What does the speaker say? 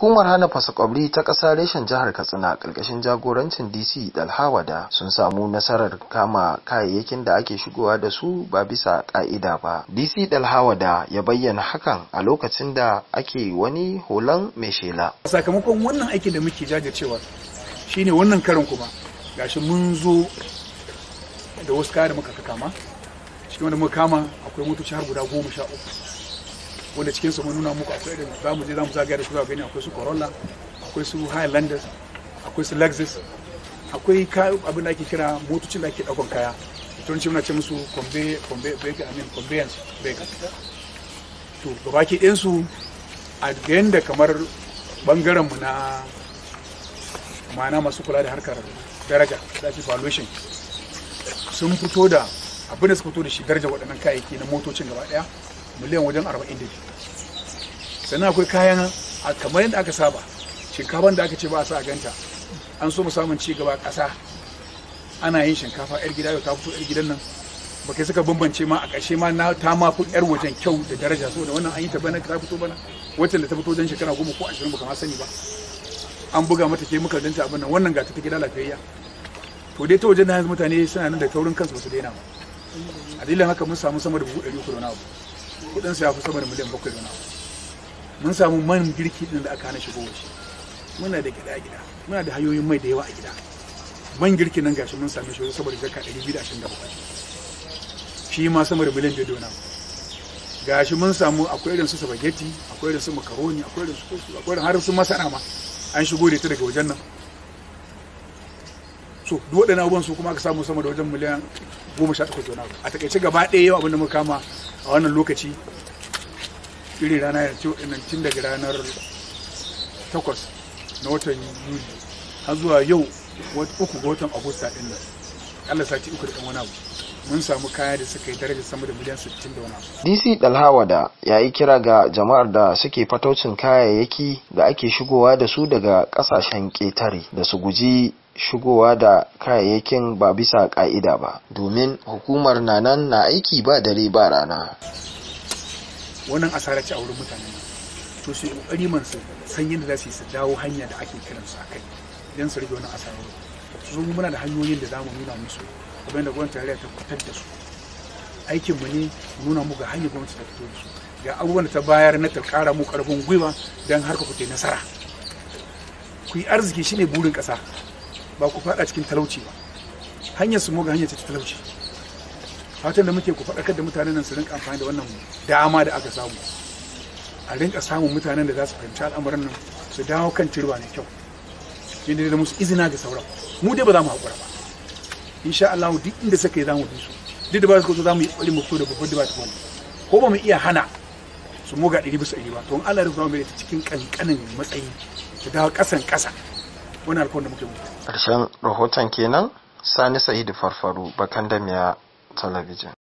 Hukumar hana fasakwabri ta ƙasa reshen jihar Katsina ƙarƙashin jagorancin DC Dalhawada sun samu nasarar kama kayayyakin da ake shigowa da su ba bisa ƙa'ida ba. DC Dalhawada ya bayyana hakan a lokacin da ake wani holan mai shela. Sakamakon wannan aikin da muke jajircewa shine wannan karin kuma gashi mun zo da wasu kaya da muka kama. Cikin wanda muka kama akwai motoci har guda goma sha uku. wanda cikin su mun nuna muku akwai irin za mu je za mu zagaya da su za gani akwai su Corolla akwai su Highlanders akwai su Lexus akwai abin da ake kira motocin da ake daukan kaya turanci muna ce musu convey convey amin I mean conveyance vehicle to gabaki ɗin su a yanda kamar bangaren mu na ma'ana masu kula da harkar daraja da ake valuation sun fito da abin da suka fito da shi daraja waɗannan kayayyaki na motocin gaba ɗaya miliyan wajen 42 sannan akwai kayan kamar yadda aka saba shinkafa da aka ce ba a sa a ganta an so mu samun ci gaba ƙasa ana yin shinkafa yar gida yau ta fito yar gidan nan ba kai suka bambance ma a ƙarshe ma na ta ma fi yar wajen kyau da daraja saboda wannan an yi ta bana ta fito bana wacce da ta fito wajen shekara goma ko ashirin baka ma sani ba an buga mata ke muka danta abin nan wannan ga ta gida lafiyayya to dai ta wajen na yanzu mutane suna nan da taurin kansu ba su daina ba a dalilin haka mun samu sama da buhu ɗari uku da wani abu kudin sa ya fi sama da miliyan bakwai da mun samu man girki din da aka hana shigo shi muna da gida gida muna da hanyoyin mai da yawa a gida man girki nan gashi mun same shi saboda zakka bakwai shi ma sama da miliyan biyu da gashi mun samu akwai irin su spaghetti akwai irin su macaroni akwai irin su kosu akwai irin har su masara ma an shigo da ita daga wajen nan so duk waɗannan abubuwan su kuma aka samu sama da wajen miliyan goma sha takwas a takaice gaba ɗaya yau abin da muka kama a wannan lokaci irin rana ya ce tun daga ranar 8 na watan yuli har zuwa yau uku ga watan agusta ɗin nan allah sati uku da ɗan wani abu mun samu kaya da suka yi daraja sama da miliyan 60 da wani dc dalhawada ya yi kira ga jama'ar da suke fataucin kayayyaki da ake shigowa da su daga kasashen ƙetare da su guji shigowa da kayayyakin ba bisa ƙa'ida ba domin hukumar na nan na aiki ba dare ba rana wannan asara ce a wurin mutane to sai kokari man su san yadda za su yi su dawo hanya da ake kiransu a kai idan su rage wannan asara su zo muna da hanyoyin da za mu nuna musu kamar da gwamnati tarayya ta fitar da su aikin mu ne nuna mu ga hanyar gwamnati ta fito da su ga abubuwan da ta bayar na ta kara mu karfin gwiwa don harka ku nasara ku yi arziki shine burin kasa ba ku faɗa cikin talauci ba hanyar su mu hanyar ta talauci fatan da muke ku faɗakar da mutanen nan su rinka amfani da wannan dama da aka samu a rinka samun mutanen da za su fahimci al'amuran nan su dawo kan turba ne kyau yadda da musu izina ga sauran mu dai ba za mu haƙura ba insha Allah duk inda suka zamu bi su duk da ba su ko zamu yi kokari mu da babban dibata ko ba mu iya hana su moga ɗari bisa ɗari ba to in Allah ya rufa mu cikin kankanin matsayi ta dawo kasan kasa wannan alƙawarin da muke mutu ƙarshen rahoton kenan Sani Sa'idu Farfaru bakandamiya Damiya Talabijin